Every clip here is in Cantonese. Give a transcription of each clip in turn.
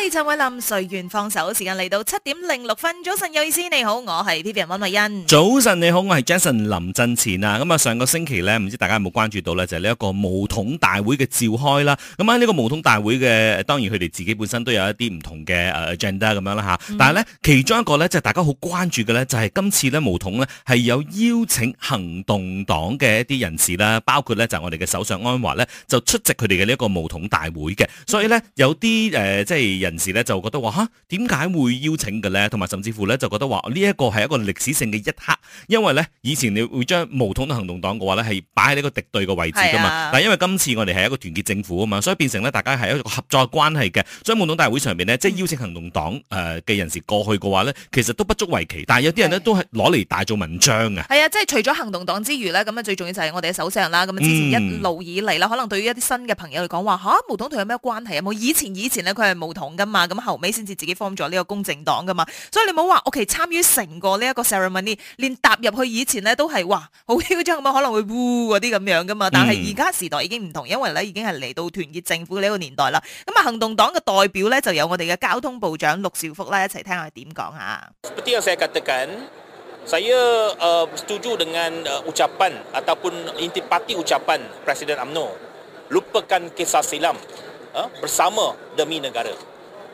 我係陳偉林，隨緣放手，時間嚟到七點零六分，早晨有意思，你好，我係 P D M 溫麗欣。早晨你好，我係 Jason 林振前啊。咁啊，上個星期咧，唔知大家有冇關注到咧，就係呢一個巫統大會嘅召開啦。咁喺呢個巫統大會嘅，當然佢哋自己本身都有一啲唔同嘅誒 agenda 咁樣啦吓。但係咧，其中一個咧就大家好關注嘅咧，就係今次咧巫統咧係有邀請行動黨嘅一啲人士啦，包括咧就係我哋嘅首相安華咧就出席佢哋嘅呢一個巫統大會嘅。所以咧有啲誒、呃，即係人士咧就覺得話嚇點解會邀請嘅咧？同埋甚至乎咧就覺得話呢一個係一個歷史性嘅一刻，因為咧以前你會將巫統的行動黨嘅話咧係擺喺呢個敵對嘅位置㗎嘛。嗱，是啊、因為今次我哋係一個團結政府啊嘛，所以變成咧大家係一個合作關係嘅。所以巫統大會上面呢，即係邀請行動黨誒嘅、呃、人士過去嘅話咧，其實都不足為奇。但係有啲人咧是、啊、都係攞嚟大做文章嘅。係啊，即係除咗行動黨之餘咧，咁啊最重要就係我哋嘅首相啦。咁啊，之前一路以嚟啦，嗯、可能對於一啲新嘅朋友嚟講話嚇巫統同有咩關係啊？冇以前以前咧佢係巫統。咁後尾先至自己 form 咗呢個公正黨噶嘛，所以你冇話，O.K. 參與成個呢一個 ceremony，連踏入去以前咧都係哇，好誇張咁可能會嗚嗰啲咁樣噶嘛，但係而家時代已經唔同，因為咧已經係嚟到團結政府呢個年代啦。咁啊，行動黨嘅代表咧就有我哋嘅交通部長陸兆福啦，一齊聽下點講嚇。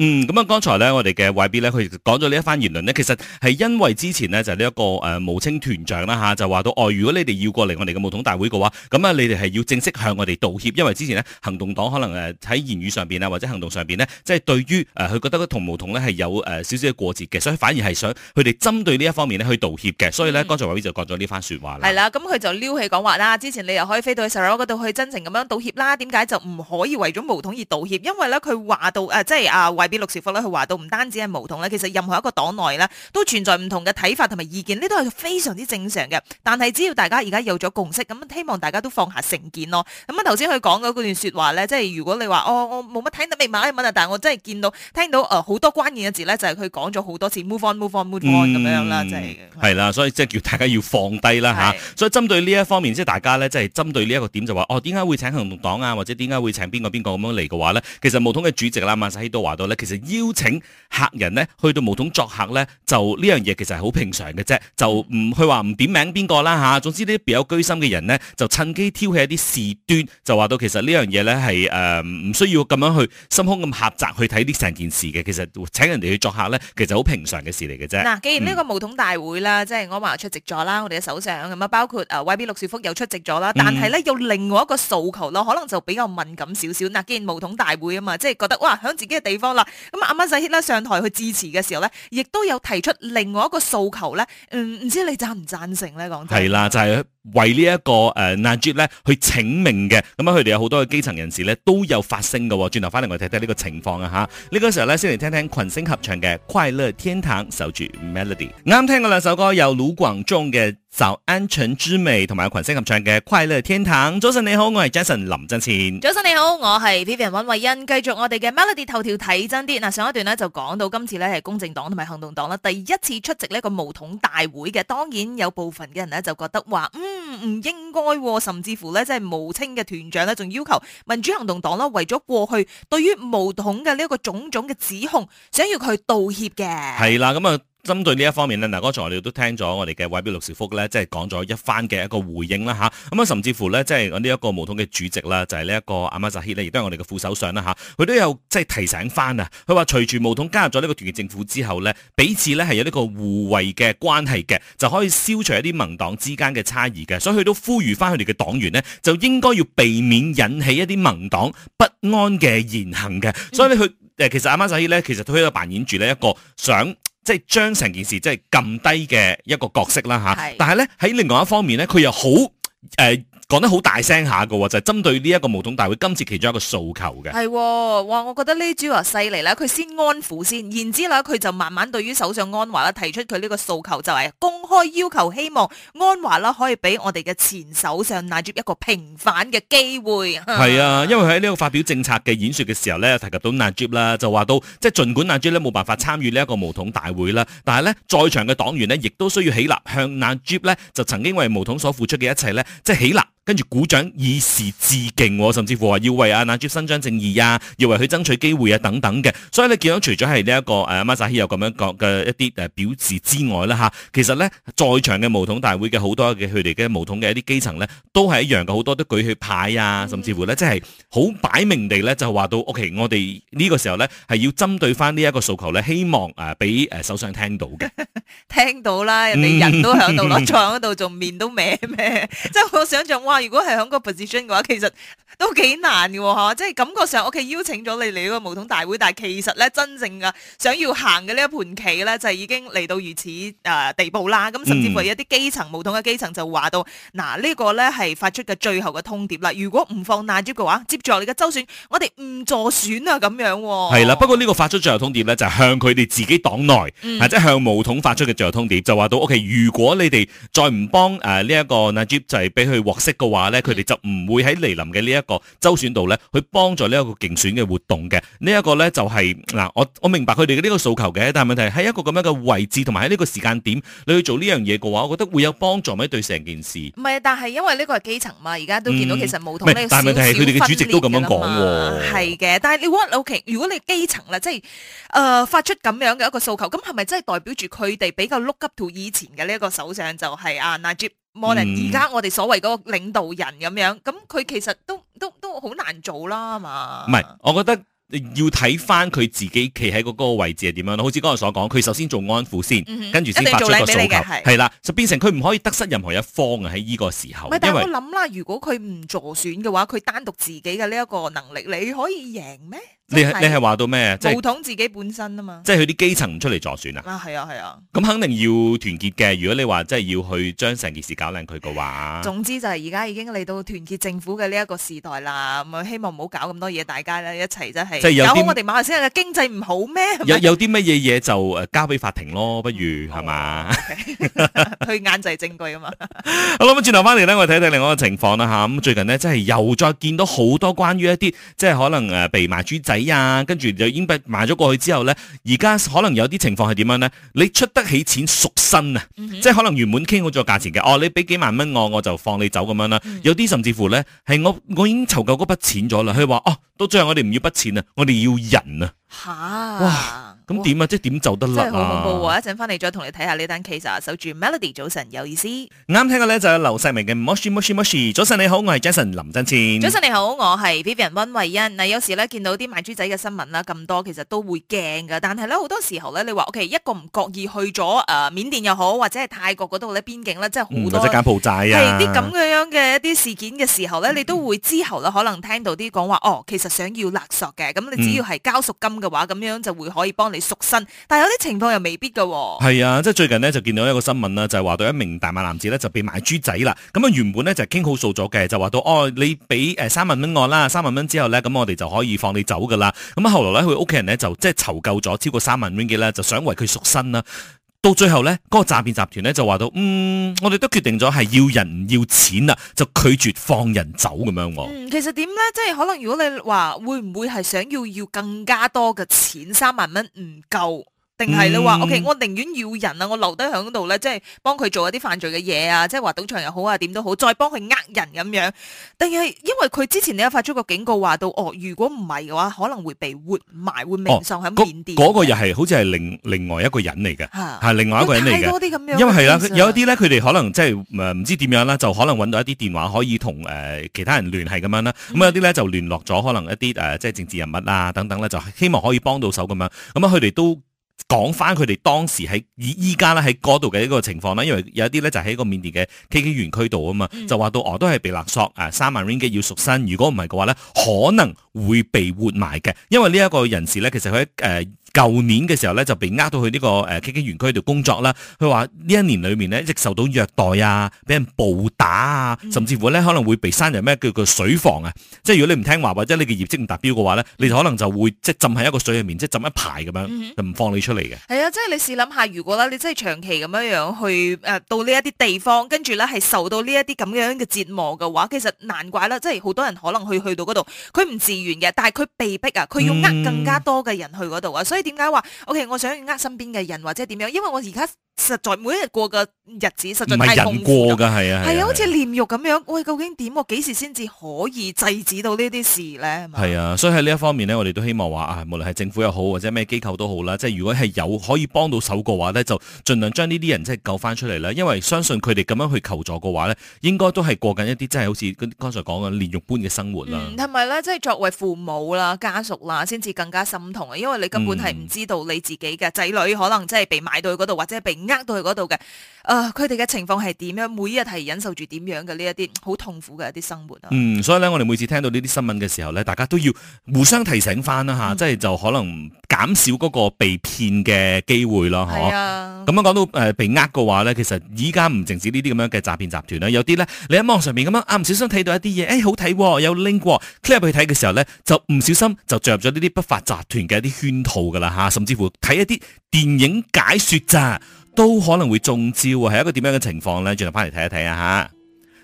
嗯，咁、嗯、啊，剛才咧，我哋嘅 YB 咧，佢講咗呢一番言論呢，其實係因為之前呢，就係呢一個誒巫統團長啦嚇，就話到哦，如果你哋要過嚟我哋嘅巫統大會嘅話，咁啊，你哋係要正式向我哋道歉，因為之前呢，行動黨可能誒喺言語上邊啊或者行動上邊呢，即係對於誒佢覺得同巫統呢係有誒少少嘅過節嘅，所以反而係想佢哋針對呢一方面呢去道歉嘅，所以呢，剛才 YB 就講咗呢番説話啦。係啦，咁佢就撩起講話啦，之前你又可以飛到去沙羅嗰度去真誠咁樣道歉啦，點解就唔可以為咗巫統而道歉？因為呢，佢話到誒，即係啊俾六時福咧，佢話到唔單止係巫統咧，其實任何一個黨內咧都存在唔同嘅睇法同埋意見，呢都係非常之正常嘅。但係只要大家而家有咗共識，咁希望大家都放下成見咯。咁啊頭先佢講嗰段説話咧，即係如果你話我我冇乜睇得明白啊，但係我真係見到聽到誒好多關鍵嘅字咧，就係佢講咗好多次 move on move on move on 咁樣啦，就係係啦，所以即係叫大家要放低啦嚇。所以針對呢一方面，即係大家咧，即係針對呢一個點就話哦，點解會請行動黨啊，或者點解會請邊個邊個咁樣嚟嘅話咧？其實巫統嘅主席啦，馬世希都話到咧。其實邀請客人咧去到巫統作客咧，就呢樣嘢其實係好平常嘅啫。就唔去話唔點名邊個啦嚇。總之呢啲別有居心嘅人咧，就趁機挑起一啲事端，就話到其實呢樣嘢咧係誒唔需要咁樣去心胸咁狹窄去睇啲成件事嘅。其實請人哋去作客咧，其實好平常嘅事嚟嘅啫。嗱、啊，既然呢個巫統大會啦，嗯、即係我話出席咗啦，我哋嘅首相咁啊，包括啊 YB 陸兆福又出席咗啦，但係咧、嗯、有另外一個訴求咯，可能就比較敏感少少。嗱、啊，既然巫統大會啊嘛，即係覺得哇，喺自己嘅地方啦。咁阿孖仔啦上台去支持嘅時候咧，亦都有提出另外一個訴求咧，嗯，唔知你贊唔贊成咧？講係啦，就係、是。為、這個呃、呢一個誒，Najib 咧去請命嘅，咁樣佢哋有好多嘅基層人士咧都有發聲嘅、哦。轉頭翻嚟我哋睇睇呢個情況啊吓，呢、這個時候咧先嚟聽聽群星合唱嘅《快樂天堂》守，守住 Melody。啱聽過兩首歌，有盧廣仲嘅《早安晨之美》，同埋群星合唱嘅《快樂天堂》。早晨你好，我係 Jason 林振前。早晨你好，我係 Vivian 尹慧欣。繼續我哋嘅 Melody 頭條睇真啲。嗱，上一段呢就講到今次咧係公正黨同埋行動黨咧第一次出席呢個巫統大會嘅，當然有部分嘅人呢就覺得話，嗯。唔應該，甚至乎咧，即係巫青嘅團長咧，仲要求民主行動黨啦，為咗過去對於巫統嘅呢一個種種嘅指控，想要佢道歉嘅。係啦，咁、嗯、啊。針對呢一方面咧，嗱，剛才我哋都聽咗我哋嘅代表陸兆福咧，即係講咗一番嘅一個回應啦吓。咁啊，甚至乎咧，即係呢一個巫統嘅主席啦、啊，就係呢一個阿馬扎希咧，亦都係我哋嘅副首相啦吓。佢、啊、都有即係提醒翻啊，佢話隨住巫統加入咗呢個團結政府之後咧，彼此咧係有呢個互惠嘅關係嘅，就可以消除一啲盟黨之間嘅差異嘅。所以佢都呼籲翻佢哋嘅黨員呢，就應該要避免引起一啲盟黨不安嘅言行嘅。所以咧，佢誒，其實阿馬扎希咧，其實佢喺度扮演住呢一個想。即係將成件事即係撳低嘅一個角色啦吓，是但係咧喺另外一方面咧，佢又好誒。呃講得好大聲下噶喎，就係針對呢一個巫統大會今次其中一個訴求嘅。係、哦，哇！我覺得呢招啊犀利啦，佢先安撫先，然之後咧佢就慢慢對於首相安華啦提出佢呢個訴求，就係公開要求希望安華啦可以俾我哋嘅前首相納吉一個平反嘅機會。係啊，因為喺呢個發表政策嘅演說嘅時候咧，提及到納吉啦，就話到即係盡管納吉咧冇辦法參與呢一個巫統大會啦，但係呢在場嘅黨員呢亦都需要起立向納吉咧就曾經為巫統所付出嘅一切呢，即係起立。跟住鼓掌以示致敬、哦，甚至乎話要為阿娜珠伸張正義啊，要為佢爭取機會啊等等嘅。所以你見到除咗係呢一個誒馬扎希有咁樣講嘅一啲誒表示之外啦，吓，其實咧在場嘅巫統大會嘅好多嘅佢哋嘅巫統嘅一啲基層咧，都係一樣嘅，好多都舉起牌啊，甚至乎咧即係好擺明地咧就話到，OK，我哋呢個時候咧係要針對翻呢一個訴求咧，希望誒俾誒首相聽到嘅，聽到啦，人哋人都響度，落牀嗰度仲面都歪咩？即 係我想象哇！如果係響個 position 嘅話，其實都幾難嘅，啊，即係感覺上我哋邀請咗你嚟呢個巫統大會，但係其實咧，真正嘅想要行嘅呢一盤棋咧，就已經嚟到如此誒，呃、地步啦。咁甚至乎有啲基層巫統嘅基層就話到，嗱，呃這個，呢個咧係發出嘅最後嘅通牒啦。如果唔放 Najib 嘅話，接住我哋嘅州選，我哋唔助選啊咁樣，哦。係啦，啊，不過呢個發出最後通牒咧，就係、是，向佢哋自己黨內，嗯，或者向巫統發出嘅最後通牒，就話到，O K，如果你哋再唔幫誒呢一個 Najib，就係俾佢獲釋話咧，佢哋就唔會喺嚟臨嘅呢一個周選度咧，去幫助呢一個競選嘅活動嘅。這個、呢一個咧就係、是、嗱，我我明白佢哋嘅呢個訴求嘅，但係問題係一個咁樣嘅位置，同埋喺呢個時間點，你去做呢樣嘢嘅話，我覺得會有幫助咩對成件事？唔係，但係因為呢個係基層嘛，而家都見到、嗯、其實冇同呢個少少分裂啦嘛。但係問題係佢哋嘅主席都咁樣講喎。係嘅，但係你話，ok，如果你基層啦，即係誒、呃、發出咁樣嘅一個訴求，咁係咪真係代表住佢哋比較 look up to 以前嘅呢一個首相就係、是、啊納吉？而家、嗯、我哋所謂嗰個領導人咁樣，咁佢其實都都都好難做啦嘛。唔係，我覺得要睇翻佢自己企喺嗰個位置係點樣。好似剛才所講，佢首先做安撫先，嗯、哼跟住先發出個訴求，係啦，就變成佢唔可以得失任何一方喺呢個時候。唔係，因為，但係我諗啦，如果佢唔助選嘅話，佢單獨自己嘅呢一個能力，你可以贏咩？你係你係話到咩？即係護統自己本身啊嘛，即係佢啲基層出嚟助選啊。啊係啊係啊，咁、啊、肯定要團結嘅。如果你話即係要去將成件事搞靚佢嘅話，總之就係而家已經嚟到團結政府嘅呢一個時代啦。咁啊，希望唔好搞咁多嘢，大家咧一齊真係。即係有,有,有。搞我哋馬來西亞嘅經濟唔好咩？有啲乜嘢嘢就誒交俾法庭咯，不如係嘛？去眼證證據啊嘛。好啦，咁轉頭翻嚟咧，我睇睇另外一個情況啦吓。咁最近呢，真係又再見到好多關於一啲即係可能誒被賣豬仔。啊，跟住就已經買咗過去之後呢，而家可能有啲情況係點樣呢？你出得起錢贖身啊？嗯、哼即係可能原本傾好咗價錢嘅，嗯、哦，你俾幾萬蚊我，我就放你走咁樣啦。嗯、有啲甚至乎呢，係我我已經籌夠嗰筆錢咗啦。佢話哦，到最後我哋唔要筆錢啊，我哋要人啊。吓哈！哇咁點、哦嗯、啊？即係點走得啦？好恐怖！一陣翻嚟再同你睇下呢單 case 啊！守住 Melody，早晨有意思。啱聽嘅咧就係劉世明嘅 Moshi Moshi Moshi。早晨你好，我係 Jason 林振謙。早晨你好，我係 Vivian 溫慧欣。嗱，有時咧見到啲賣豬仔嘅新聞啦咁多，其實都會驚噶。但係咧好多時候咧，你話 OK，一個唔覺意去咗誒緬甸又好，或者係泰國嗰度咧邊境咧，真係好多。或者係柬埔寨啊，係啲咁樣樣嘅一啲事件嘅時候咧，嗯、你都會之後咧可能聽到啲講話哦，其實想要勒索嘅，咁你只要係交贖金嘅話，咁樣就會可以幫你。贖身，但係有啲情況又未必噶、哦。係啊，即係最近呢就見到一個新聞啦，就係話到一名大馬男子咧就被賣豬仔啦。咁啊原本咧就傾好數咗嘅，就話、是、到哦，你俾誒三萬蚊我啦，三萬蚊之後咧，咁我哋就可以放你走噶啦。咁啊後來咧佢屋企人咧就即係籌夠咗超過三萬蚊嘅咧，就想為佢贖身啦。到最後呢，嗰個詐騙集團呢，就話到，嗯，我哋都決定咗係要人唔要錢啦，就拒絕放人走咁樣。嗯，其實點呢？即係可能如果你話會唔會係想要要更加多嘅錢，三萬蚊唔夠。定係你話、嗯、OK，我寧願要人啊，我留低喺度咧，即係幫佢做一啲犯罪嘅嘢啊，即係話賭場又好啊，點都好，再幫佢呃人咁樣。定係因為佢之前你有發出個警告話到，哦，如果唔係嘅話，可能會被活埋，會命喪。哦，喺緬甸。嗰、嗰個又係好似係另另外一個人嚟嘅，吓，另外一個人嚟嘅。因為係啦、啊，實有一啲咧，佢哋可能即係唔知點樣啦，就可能揾到一啲電話可以同誒其他人聯繫咁樣啦。咁、嗯、有啲咧就聯絡咗可能一啲誒即係政治人物啊等等咧，就希望可以幫到手咁樣。咁啊，佢哋都。講翻佢哋當時喺以，依家咧喺嗰度嘅一個情況啦，因為有一啲咧就喺一個緬甸嘅 KK 園區度啊嘛，就話到我，呃，都係被勒索啊，呃，三萬 Ringgit 要贖身，如果唔係嘅話咧，可能會被活埋嘅，因為呢一個人士咧其實佢誒。呃舊年嘅時候咧，就被呃到去呢個誒 KK 園區度工作啦。佢話呢一年裏面呢，一直受到虐待啊，俾人暴打啊，甚至乎咧可能會被刪入咩叫做水房啊。嗯、即係如果你唔聽話或者你嘅業績唔達標嘅話咧，你就可能就會即係浸喺一個水入面，即係浸一排咁樣，嗯、哼就唔放你出嚟嘅。係啊，即係你試諗下，如果啦，你真係長期咁樣樣去誒、啊、到呢一啲地方，跟住咧係受到呢一啲咁樣嘅折磨嘅話，其實難怪啦，即係好多人可能去去到嗰度，佢唔自願嘅，但係佢被逼啊，佢要呃更加多嘅人去嗰度啊，所、嗯即係點解話？O.K. 我想呃身邊嘅人或者點樣？因為我而家實在每一日過嘅日子實在太痛苦啦。係啊，好似煉獄咁樣。喂，究竟點？我幾時先至可以制止到呢啲事咧？係啊，所以喺呢一方面呢，我哋都希望話啊，無論係政府又好或者咩機構都好啦，即係如果係有可以幫到手嘅話咧，就盡量將呢啲人即係救翻出嚟啦。因為相信佢哋咁樣去求助嘅話咧，應該都係過緊一啲即係好似剛才講嘅煉獄般嘅生活啦。嗯，係咪咧，即係作為父母啦、家屬啦，先至更加心痛啊，因為你根本係。嗯唔、嗯、知道你自己嘅仔女可能真係被賣到去嗰度，或者被呃到去嗰度嘅，誒、呃，佢哋嘅情況係點樣？每日係忍受住點樣嘅呢一啲好痛苦嘅一啲生活。嗯，所以咧，我哋每次聽到呢啲新聞嘅時候咧，大家都要互相提醒翻啦吓，嗯、即係就可能減少嗰個被騙嘅機會咯，嗬、嗯。咁樣講到誒被呃嘅話咧，其實依家唔淨止呢啲咁樣嘅詐騙集團啦，有啲咧你喺網上面咁樣啊，唔小心睇到一啲嘢，誒、哎、好睇喎，有 link 喎，click 入去睇嘅時候咧，就唔小心就著入咗呢啲不法集團嘅一啲圈套嘅啦嚇，甚至乎睇一啲電影解説咋，都可能會中招啊！係一個點樣嘅情況咧？轉頭翻嚟睇一睇啊嚇。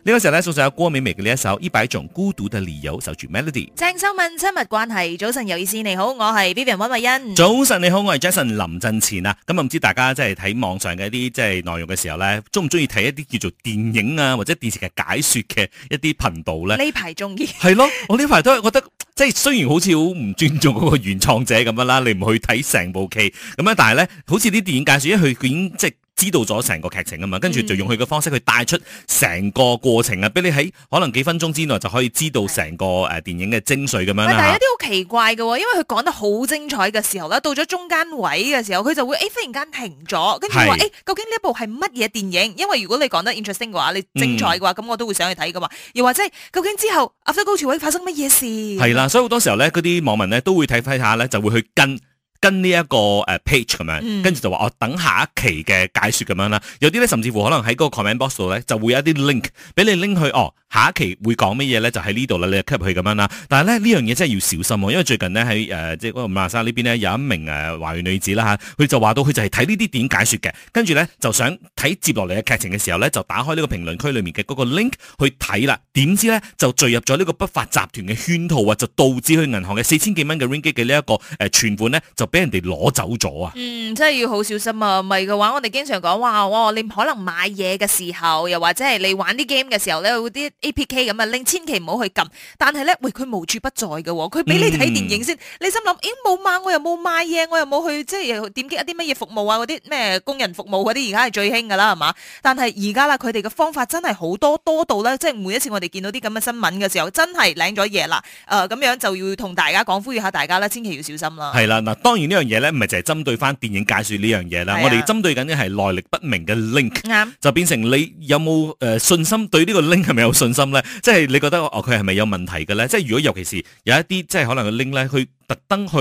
呢個時候咧，送上郭美美嘅呢一首《一百種孤獨嘅理由》，守住 melody。鄭秀文親密關係，早晨有意思，你好，我係 Vivian 温慧欣。早晨你好，我係 Jason 林振前啊。咁啊，唔知大家即係睇網上嘅一啲即係內容嘅時候咧，中唔中意睇一啲叫做電影啊或者電視劇解說嘅一啲頻道咧？呢排中意係咯，我呢排都係覺得即係雖然好似好唔尊重嗰個原創者咁樣啦，你唔去睇成部劇咁啊，但係咧，好似啲電影解說一去已即係。即即知道咗成個劇情啊嘛，跟住就用佢嘅方式去帶出成個過程啊，俾你喺可能幾分鐘之內就可以知道成個誒電影嘅精髓咁樣。但係一啲好奇怪嘅，哦，因為佢講得好精彩嘅時候咧，到咗中間位嘅時候，佢就會誒、哎、忽然間停咗，跟住話誒，究竟呢一部係乜嘢電影？因為如果你講得 interesting 嘅話，你精彩嘅話，咁、嗯、我都會想去睇噶嘛。又或者係究竟之後阿飛高潮位發生乜嘢事？係啦，所以好多時候咧，嗰啲網民咧都會睇睇下咧，就會去跟。跟呢一個誒 page 咁樣，跟住就話我等下一期嘅解説咁樣啦。有啲咧，甚至乎可能喺嗰個 comment box 度咧，就會有一啲 link 俾你拎去哦。下一期會講乜嘢咧？就喺呢度啦，你入去咁樣啦。但係咧呢樣嘢真係要小心喎、啊，因為最近呢，喺、呃、誒即係嗰個馬鞍山呢邊有一名誒、呃、華裔女子啦嚇，佢、啊、就話到佢就係睇呢啲電影解說嘅，跟住咧就想睇接落嚟嘅劇情嘅時候咧就打開呢個評論區裡面嘅嗰個 link 去睇啦，點知咧就墜入咗呢個不法集團嘅圈套啊，就導致佢銀行嘅四千幾蚊嘅 ringgit 呢一、這個誒、呃、存款咧就俾人哋攞走咗啊！嗯，真係要好小心啊！唔係嘅話，我哋經常講話，哇，你可能買嘢嘅時候，又或者係你玩啲 game 嘅時候咧，你會有啲。A.P.K. 咁啊，令千祈唔好去撳。但係咧，喂，佢無處不在嘅喎。佢俾你睇電影先，你心諗，咦，冇買，我又冇買嘢，我又冇去，即係點擊一啲乜嘢服務啊？嗰啲咩工人服務嗰啲，而家係最興㗎啦，係嘛？但係而家啦，佢哋嘅方法真係好多多到咧，即係每一次我哋見到啲咁嘅新聞嘅時候，真係領咗嘢啦。誒，咁樣就要同大家講，呼籲下大家咧，千祈要小心啦。係啦，嗱，當然呢樣嘢咧，唔係淨係針對翻電影介紹呢樣嘢啦。我哋針對緊嘅係來歷不明嘅 link，就變成你有冇誒信心對呢個 link 係咪有信心？心咧，即係你覺得哦，佢係咪有問題嘅咧？即係如果尤其是有一啲即係可能個 link 咧，佢特登去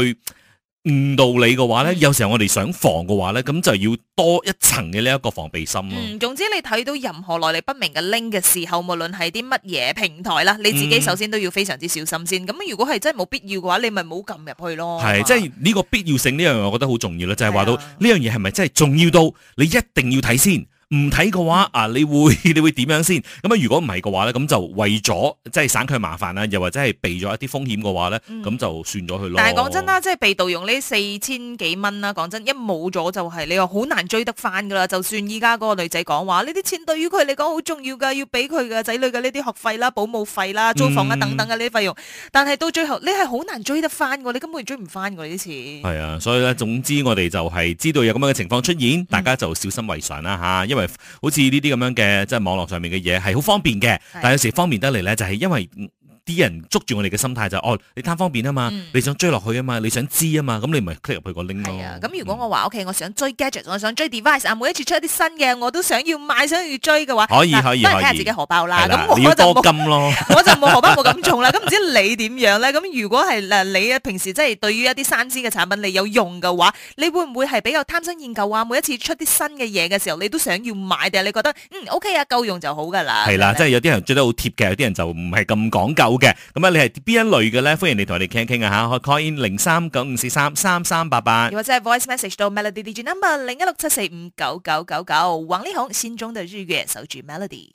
誤導你嘅話咧，有時候我哋想防嘅話咧，咁就要多一層嘅呢一個防備心。嗯，總之你睇到任何來歷不明嘅 link 嘅時候，無論係啲乜嘢平台啦，你自己首先都要非常之小心先。咁如果係真係冇必要嘅話，你咪唔好撳入去咯。係，即係呢個必要性呢樣嘢，我覺得好重要啦。就係話到呢樣嘢係咪真係重要到你一定要睇先。唔睇嘅話、嗯、啊，你會你會點樣先？咁啊，如果唔係嘅話咧，咁就為咗即係省佢麻煩啦，又或者係避咗一啲風險嘅話咧，咁、嗯、就算咗佢咯。但係講真啦，即係被盜用呢四千幾蚊啦，講真一冇咗就係、是、你話好難追得翻噶啦。就算依家嗰個女仔講話呢啲錢對於佢嚟講好重要噶，要俾佢嘅仔女嘅呢啲學費啦、保姆費啦、租房啊等等嘅呢啲費用，嗯、但係到最後你係好難追得翻噶，你根本追唔翻呢啲錢。係啊，所以咧，總之我哋就係知道有咁樣嘅情況出現，大家就小心為上啦吓。嗯嗯因為好似呢啲咁樣嘅即係網絡上面嘅嘢，係好方便嘅，但有時方便得嚟咧就係因為。啲人捉住我哋嘅心態就哦，你貪方便啊嘛，你想追落去啊嘛，你想知啊嘛，咁你咪 click 入去個 link 咯。係啊，咁如果我話 OK，我想追 gadget，我想追 device 啊，每一次出一啲新嘅，我都想要買，想要追嘅話，可以可以可以，睇下自己荷包啦。咁我就冇金咯，我就冇荷包冇咁重啦。咁唔知你點樣咧？咁如果係嗱，你啊，平時即係對於一啲新鮮嘅產品，你有用嘅話，你會唔會係比較貪新厭舊啊？每一次出啲新嘅嘢嘅時候，你都想要買，定係你覺得嗯 OK 啊，夠用就好噶啦。係啦，即係有啲人追得好貼嘅，有啲人就唔係咁講究。好嘅，咁啊、嗯，你係邊一類嘅咧？歡迎你同我哋傾一傾啊吓，可 call in 零三九五四三三三八八，又或者係 voice message 到 melody DJ number 零一六七四五九九九九，王力宏心中的日月，守住 melody。